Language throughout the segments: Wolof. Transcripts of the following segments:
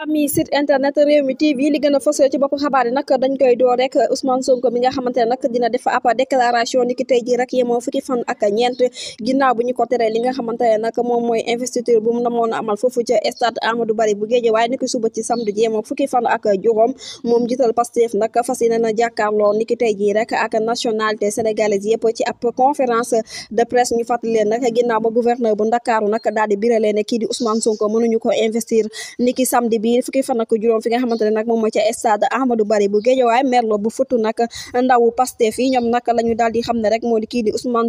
ami site internet réew mi tv li gën a fës ci bopp xabaar yi nag dañ door rek Ousmane Sonko mi nga ne nag dina def ab déclaration ni ki tey ji rek yemoo fukki fan ak ñeent ginnaaw bu ñu ko teree li nga xamante ne nag moom mooy investiture bu mu namoon amal foofu ca stade Amadou Barry bu géej waaye ni ki suba ci samedi ji yemoo fukki fan ak juróom moom jiital Pastef nag fas yéene na jàkkaarloo ni ki tey ji rek ak nationalité sénégalaise yëpp ci ab conférence de presse ñu fàttali leen nag ginnaaw ba gouverneur bu Ndakaaru nag daal di biralee ne kii di Ousmane Sonko mënuñu ko investir ni ki samedi bi bi fukki fan ak juróom fi nga xamante ne moom mooy ca stade Amadou Barry bu Guédiawaye merlo bu futu nag ndawu Pastef yi ñoom nag la ñu xam ne rek mooy kii di Ousmane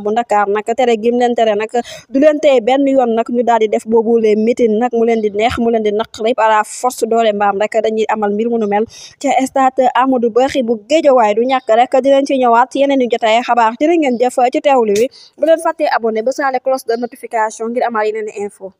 département bu Ndakaar nag tere gim leen tere nag du leen tey benn yoon nag ñu daal di def boobu les meeting nag mu leen di neex mu leen di naqari a la force doole mbaam rek dañuy amal mbir mu nu mel ca stade Amadou Barry bu Guédiawaye du ñàkk rek dinañ ci ñëwaat yeneen yu jotaay xabaar jërë ngeen jëf ci teewlu wi bu leen fàttee abonné ba saale cloche de notification ngir amaat yeneen info